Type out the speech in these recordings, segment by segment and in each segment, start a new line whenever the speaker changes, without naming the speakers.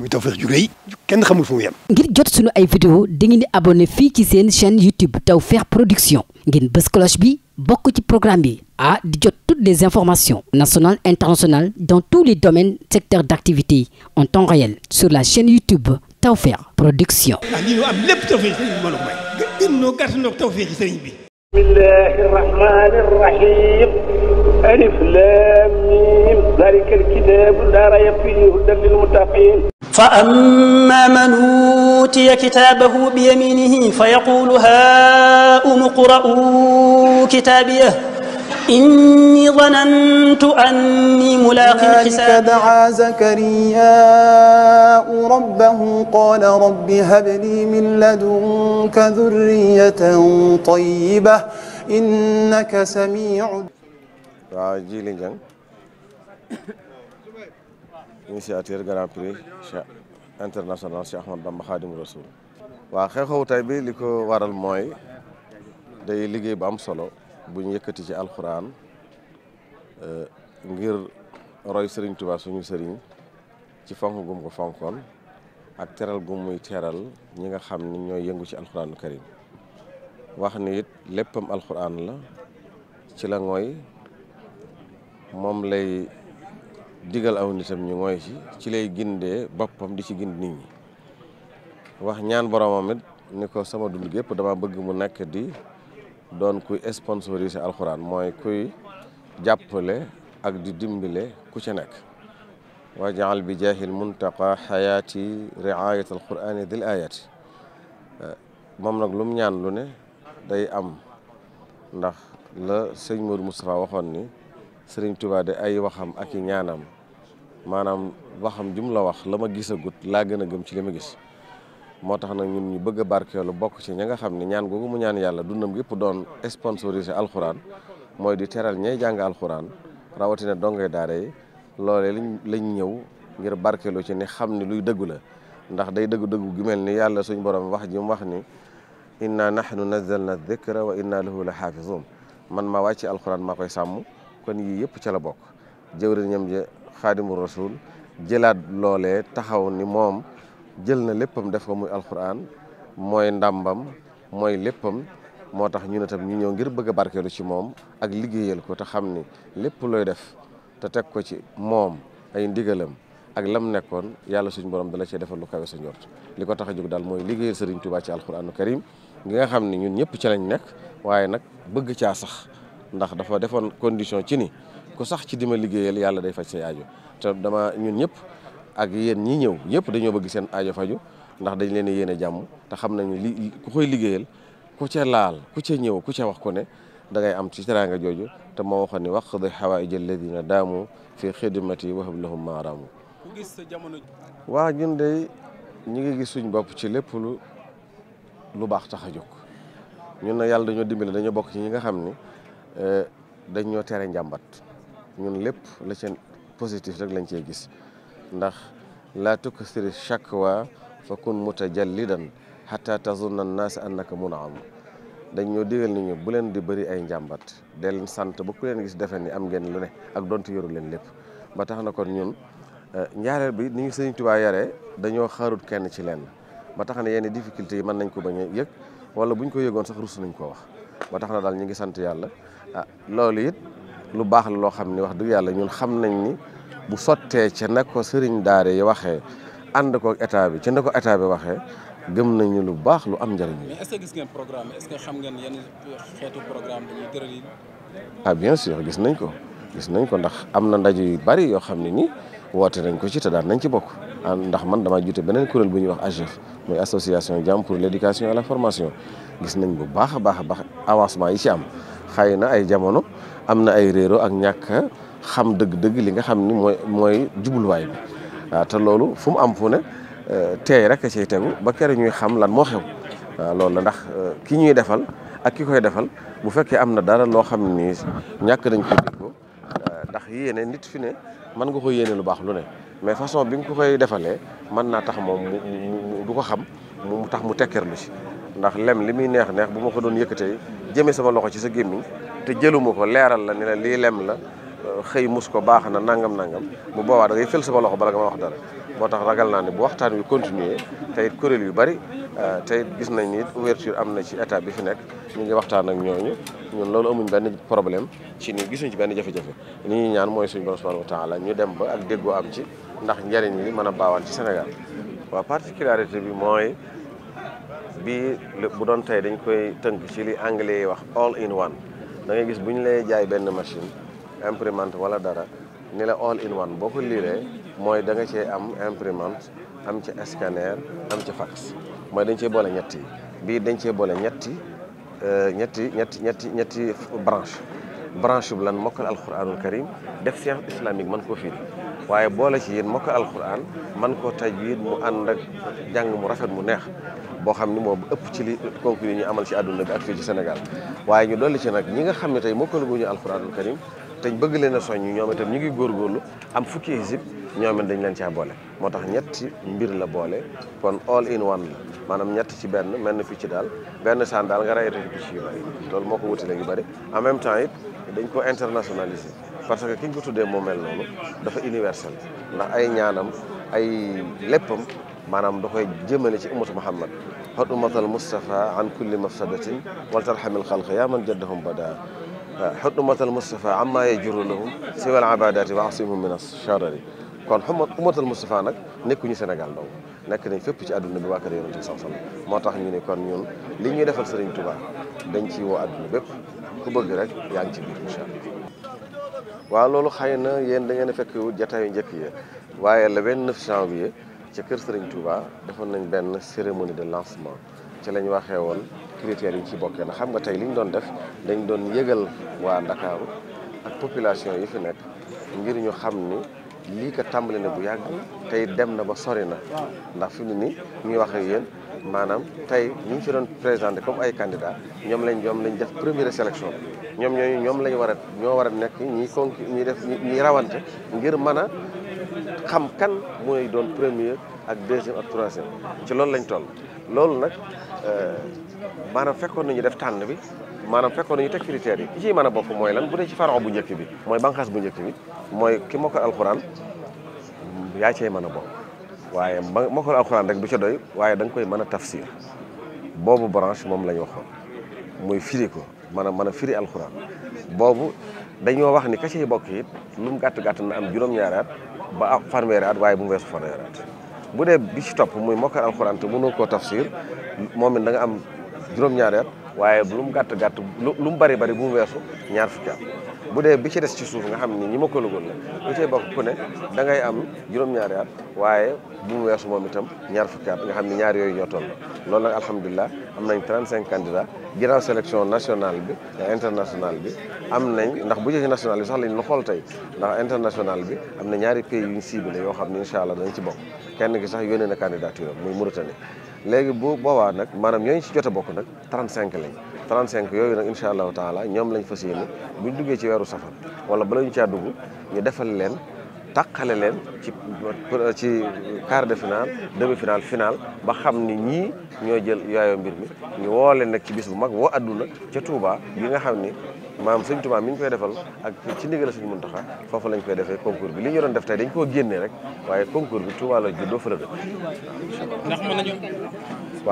muy kenn xamul fu mu ngir jot sunu ay vidéo dangeen di abonné fii ci seen chaîne YouTube Tawfekh Production ngeen bës cloche bi bokk ci programme bi ah di jot toutes les informations nationales internationales dans tous les domaines secteurs d'activité en temps réel sur la chaîne YouTube Tawfekh Production. ah lii ñu am lépp Tawfekh sëriñ bi mbooloo mooy. gën alif lam mim. zalika al kitabu la rayba fihi hudan lil muttaqin فأما من أوتي كتابه بيمينه فيقول هاؤم اقرءوا كتابيه إني ظننت أني ملاق حسابي دعا زكرياء ربه قال رب هب لي من لدنك ذرية طيبة إنك سميع initiateur grand prix international Cheikh Ahmad Bamba Khadim Rasoul waaw xew-xewu tey bi li ko waral mooy day liggéey bu am solo bu ñu yëkkati ci alxuraan eh, ngir roy sëriñ tubaa suñu Serigne ci fonk gum ko fonkoon ak teral gum muy teral ñi nga xam ni ñooy yëngu ci alxuraanu karim wax ni it léppam alxuraan la ci la ngooy moom lay digal aw nitam ñu mooy ci ci lay gindee boppam di ci gind nit ñi wax ñaan boromam ni ko sama dund gépp dama bëgg mu nekk di doon kuy sponsorisé alxuraan mooy kuy jàppale ak di dimbale ku ci nekk waa wajaal bi jaahil muntaqa xayaati riayat alqurani dil ayati moom nag lu mu ñaan lu ne day am ndax la sëñ Modou Moustapha waxoon ni sëriñ Tuubaa de ay waxam ak i ñaanam maanaam waxam jum la wax la ma gisagut laa gën a gëm ci li ma gis moo tax nag ñun ñu bëgg a barkeelu bokk ci ña nga xam ne ñaan googu mu ñaan yàlla dundam yëpp doon sponsorisé alxuraan mooy di teral ñay jàng alxuraan rawatina dongay daara yi loolee lañ ñëw ngir barkeelu ci ne xam ne luy dëggu la ndax day dëggu dëggu gi mel ni yàlla suñ borom wax ji wax ni inna nahnu na dhikra wa inna lahu la xaafizun man maa wàcc alxuraan maa koy sàmm kon yii yëpp ca la bokk jëwriñam ja xaadimu rasul jëlaat loole taxaw ni moom jël na léppam def ko muy alquran mooy ndàmbam mooy léppam moo tax ñu ne tam ñu ñëw ngir bëgg a barkeelu ci moom ak liggéeyal ko te xam ni lépp looy def te teg ko ci moom ay ndigalam ak lam nekkoon yàlla suñu borom dala cee defal lu kawe sa njort li ko tax a jóg daal mooy liggéeyal Sëriñ Tuubaa ci alquranu karim gi nga xam ne ñun ñëpp ci lañ nekk waaye nag bëgg caa sax ndax dafa defoon condition ci ni ku sax ci dima liggéeyal yàlla day faj say aajo te dama ñun ñëpp ak yéen ñi ñëw ñëpp dañoo bëgg seen aajo faju ndax dañ leen a yéene jàmm te xam nañu li ku koy liggéeyal ku ca laal ku ca ñëw ku ca wax ko ne dangay am ci teraanga jooju te moo waxoon ni waqdi xawaaij alladina daamu fi xidmati wahab lahum maaraamu ku gis sa jamono waa ñun de ñu ngi gis suñ bopp ci lépp lu lu baax tax a jóg ñun na yàlla dañoo dimbale dañoo bokk ci ñi nga xam ni Euh, dañ ñoo tere njàmbat ñun lépp la seen positif rek lañ cey gis ndax laa tukasiri shakwa fa kun mutajallidan xata tazunna naas annaka am dañ ñoo digal ni ñu bu leen di bëri ay njàmbat dee sant ba ku leen gis defe ni am ngeen lu ne ak dont yoru leen lépp ba tax na ko ñun euh, ñaareel bi ni ñu sëriñ Tuubaa yaree dañoo xaarut kenn ci leen ba tax na yenn difficulté yi mën nañ ko bañ a yëg wala buñ ko yëgoon sax rus nañ koo wax ba tax na daal ñu ngi sant yàlla ah, loolu it lu baax la loo xam ne wax dëgg yàlla ñun xam nañ ni bu sottee ca na ko sëriñ daare yi waxe ànd ko état bi ci na ko état bi waxee gëm nañu lu baax lu am njëriñ. mais xam ngeen yan xeetu programme ah bien sûr gis nañ ko gis nañ ko ndax am na ndaje yu bari yoo xam ne nii woote nañ ko ci te daan nañ ci bokk ah, ndax man damaa jute beneen kureel bu ñu wax AGEF muy association jàmm pour l'éducation et la formation gis nañ bu baax a baax a baax avancement yi ci am xëy na ay jamono am na ay réero ak ñàkk xam dëgg-dëgg li nga xam ni mooy mooy jubluwaay bi waaw te loolu fu mu am fu ne euh, teey rek a cay tegu ba kere ñuy xam lan moo xew waaw loolu la ndax euh, ki ñuy defal ak ki koy defal bu fekkee am na dara loo xam ni ñàkk nañ ko déggoo euh, ndax yéene nit fi ne mën nga ko yéene lu baax lu ne mais façon bi nga ko koy defalee mën naa tax moom mu du ko xam mu tax mu tekkeerlu ci ndax lem li muy neex neex bu ma ko doon yëkkatee jëmee sama loxo ci sa gémmiñ te jëluma ko leeral la ni la lii lem la euh, xëy mus ko baax na nangam nangam mu boobaa da ngay fël sama loxo bala nga ma wax dara moo tax ragal naa ne bu waxtaan wi continuer te it kuréel yu bari euh, te it gis nañ ni ouverture am na ci état bi fi nekk ñu ngi waxtaan ak ñooñu ñun loolu amuñ benn problème ci ni gisuñ ci benn jafe-jafe li ñuy ñaan mooy suñu borom subhanahu wa taala ñu dem ba ak déggoo am ci ndax njariñ li mën a baawaan ci Sénégal waaw bi bu doon tey dañ koy tënk ci li anglais yi wax all in one da ngay gis bu ñu lay jaay benn machine imprimante wala dara ni la all in one boo ko liiree mooy danga nga cee am imprimante am ci scanner am ci fax mooy dañ cee boole ñetti bii dañ cee boole ñetti euh, ñetti ñetti ñetti ñetti branche branche bu lan mokkal alquranul karim def science islamique man koo firi waaye boole ci yéen mokk alquran man ko tajwid mu ànd ak jàng mu rafet mu neex boo xam ni moom ëpp ci li concours yi ñu amal ci àdduna bi ak fii ci Sénégal waaye ñu dolli ci nag ñi nga xam ne tey mokkaluguñu alquranul karim te bëgg leen a soññ ñoom itam ñu ngi góorgóorlu am fukki hizib ñoom dañ leen caa boole moo tax ñetti mbir la boole kon all in one la maanaam ñett ci benn mel na fi ci daal benn saan daal nga rayéetu ci picc yu bëri loolu moo ko wutale yu bëri en même temps it dañ ko internationaliser parce que ki ñu ko tuddee moo mel noonu dafa universel ndax ay ñaanam ay léppam maanaam da koy jëmale ci ummatu muhammad xot ummatal moustapha an kulli mafsadatin wal tarxamil xalq yaa man jaddahum bada xot ummatal moustapha amma yajuru lahum siwal abadati wa asimhum min asharari kon xuma ummatal moustapha nag nekkuñu sénégal dong nekk nañ fépp ci àdduna bi waa kër yonente bi moo tax ñu ne kon ñun li ñuy defal sëriñ Tuubaa dañ ci woo àdduna bépp ku bëgg rek yaa ngi ci biir incha allah waaw loolu xëy na yéen da ngeen fekk jataayu njëkk yi waaye le 29 janvier ca kër Serigne Touba defoon nañ benn cérémonie de lancement ci la ñu waxee woon critères yi ci bokkee na xam nga tey li ñu doon def dañ doon yëgal waa Ndakaaru ak population yi fi nekk ngir ñu xam ni lii ko tàmbali na bu yàgg tey dem na ba sori na ndax fi mu ni ñuy wax ak yéen maanaam tey ñu ngi fi doon présenté comme ay candidat ñoom lañ ñoom lañ def première sélection ñoom ñooñu ñoom lañ war a ñoo war a nekk ñi kon ñi def ñi rawante ngir mën a xam kan mooy doon premier ak deuxième ak troisième ci lool lañ toll loolu nag euh, maanaam fekkoon nañu def tànn bi maanaam fekkoon nañu teg critères yi ki ci mën a bopp mooy lan bu dee ci farax bu njëkk bi mooy banqaas bu njëkk bi mooy ki mokkal alxuraan yaa cey mën a bopp waaye mokkal alxuraan rek du ca doy waaye da koy mën a tafsir boobu branche moom lañu ñu waxoon muy firi ko mën a mën a firi alxuraan boobu dañoo wax ni ka cay bokk it lu mu gàtt gàtt na am juróom-ñaari at ba fanweeri at waaye bu mu weesu fanweeri at bu dee bi topp muy mokkal alxuraan te mënoo koo tafsir moom it da am juróom-ñaari at waaye lu mu gàtt gàtt lu mu bari bari bu mu weesu ñaar fukki at bu dee bi ci des ci suuf nga xam ni ñi ma ko lëgoon la lu cay bokk ku ne da ngay am juróom-ñaari at waaye bu mu weesu moom itam ñaar fukki at nga xam ni ñaar yooyu ñoo toll loolu nag alhamdulilah am nañ 35 candidats ginnaaw sélection nationale bi ak bi am nañ ndax bu jëlee nationale bi sax lañ la xool tey ndax internationale bi am na ñaari pays yu ñu ciblé yoo xam ni incha allah dañ ci bokk. kenn gi sax yónnee na candidature muy Mauritanie léegi boo boobaa nag maanaam ñooñu ci jot bokk nag 35 lañ 35 yooyu nag incha allahu taala ñoom lañ fas yéene bu ñu duggee ci weeru safar wala bala ñu caa dugg ñu defal leen taqale leen ci ci quart de finale demi finale finale ba xam ni ñii ñoo jël yaayoo mbir mi ñu woo leen nag ci bis bu mag woo adduna ca Touba bi nga xam ni maam sëñ Tuubaa mi ñu koy defal ak ci ndigal sëñ Muntaxa foofu lañ koy defee concours bi li ñu doon def tey dañ koo génnee rek waaye concours bi Tuubaa la juddoo fa la dëkk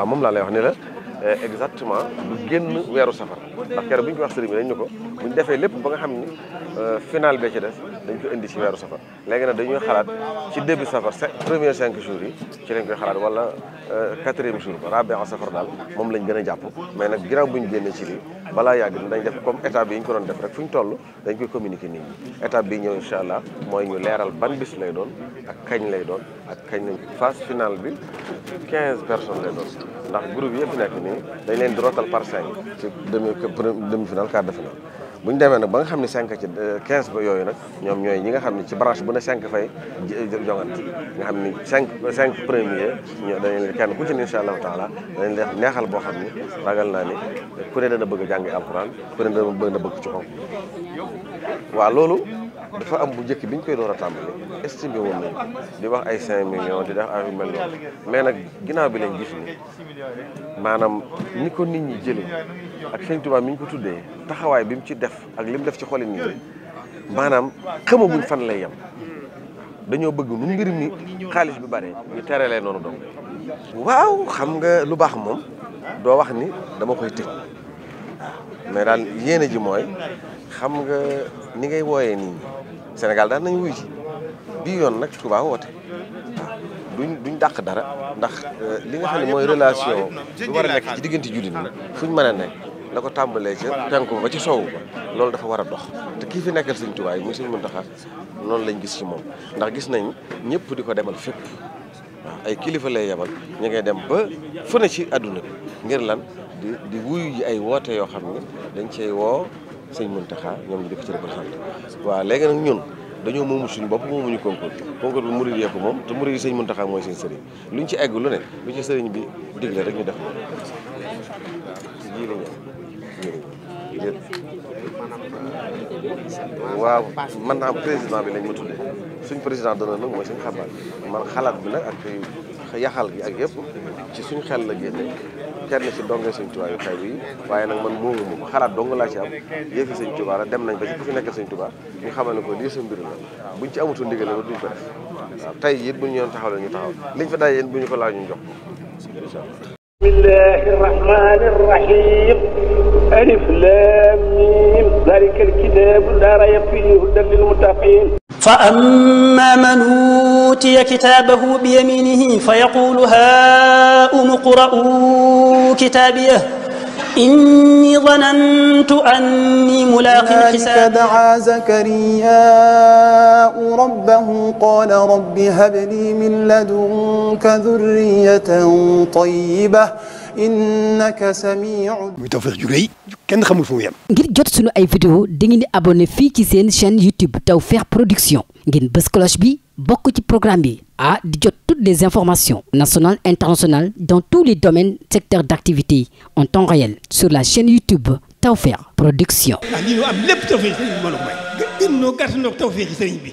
moom laa lay wax ni la Euh, exactement lu génn weeru safar ndax keroog bu ñu ko wax sëriñ dañ ñu ko bu ñu defee lépp ba nga xam ni euh, final bee ci def dañ ko indi ci weeru safar léegi nag dañuy xalaat ci début safar premier cinq jours yi ci lañ koy xalaat wala euh, quatrième jour ba rabbi en safar daal moom lañ gën a jàpp mais nag ginnaaw bu ñu génnee ci lii balaa yàgg dañ def comme état bi ñu ko doon def rek fu ñu toll dañ koy communiquer nit ñi étape bi ñëw incha allah mooy ñu leeral ban bis lay doon ak kañ lay doon ak kañ lañ phase finale bi quinze personnes lay doon ndax groupe yëpp nekk nii dañ leen di rotal par cinq ci demi demi final quart de finale bu ñu demee nag ba nga xam ne cinq ci euh, quinze ba yooyu nag ñoom ñooy ñi nga xam ne ci branche bu ne cinq fay euh, jongante nga xam ni cinq cinq premier ñoo dañu leen kenn ku ci ne incha allahu taala dañu def neexal boo xam ni ragal naa ni ku ne dana bëgg a jàngi alquran ku ne dana bëgg ci kaw waaw loolu dafa am bu njëkk biñ koy door a tàmbali estimé woon nañ di wax ay 5 millions di def affaire yu mais nag ginnaaw bi lañ gis ni maanaam ni ko nit ñi jëlee ak Sëñ Tuubaa mi ñu ko tuddee taxawaay bi mu ci def ak li mu def ci xoli nit ñi maanaam xamaguñ fan lay yem dañoo bëgg nu mbir mi xaalis bi bare ñu teralee noonu doom waaw xam nga lu baax moom doo wax ni dama koy tëj mais daal yéene ji mooy xam nga ni ngay wooyee nii Sénégal daal nañ wuy ji bii yoon nag Touba woote duñ duñ dàq dara ndax euh, li nga xam ne mooy relation lu war a nekk ci diggante jullit ñi fuñ mën a nekk la ko tàmbalee ca penku ba ci sowu ba loolu dafa war a dox te kii fi nekkal sëñ Touba yi muy sëñ Mountakha noonu lañ gis ci moom ndax gis nañ ñëpp di ko demal fépp waaw ay kilifa lay yebal ñu ngay dem ba fu ne ci àdduna bi ngir lan di di wuyu ay woote yoo xam ne dañ cey woo sëñ Mountakha ñoom ñu di ko ci représenté léegi nag ñun dañoo moomu suñu bopp moomuñu concours concours bi murid yee moom te murid yi sëñ Mountakha mooy seen sëriñ luñ ci egg lu ne lu ci bi digle rek ñu def moom man naa président bi lañ ma tuddee suñ président dana nag mooy suñ xabaar man xalaat bi nag ak yaxal gi ak yëpp ci suñ xel la génne kenn ci donge sëñ Tuubaa yu xew yi waaye nag man moomu ko xalaat dong laa ci am yëfi sëñ Tuubaa la dem nañ ba ci ku fi nekkal sëñ Tuubaa ñu xamal ne ko lii sa mbir la buñ ci amatul ndigal la duñ ko def waaw tey it bu ñu yoon taxaw la ñu taxaw liñ fa daje yéen bu ñu ko laaj ñu jox ko incha allah bismillahi rahmani rahim alif lam mim dalika alkitabu la rayba fihi hudan lil muttaqin fa amman أوتي كتابه بيمينه فيقول هاؤم اقرءوا كتابيه إني ظننت أني ملاق حسابي دعا زكرياء ربه قال رب هب لي من لدنك ذرية طيبة innaka samiu muy Tawfekh ju rëy kenn xamul fu mu yem. ngir jot sunu ay vidéo dangeen di abonné fii ci seen chaîne YouTube Tawfekh Production ngeen bës cloche bi. bokk ci programme bi ah di jot toutes les informations nationales internationales dans tous les domaines secteurs d'activité en temps réel sur la chaîne YouTube Tawfekh Production. ah lii loo am lépp tawfeex ci bi mbooloo mooy. gën gën ñoo gàtt ñoo ak bi.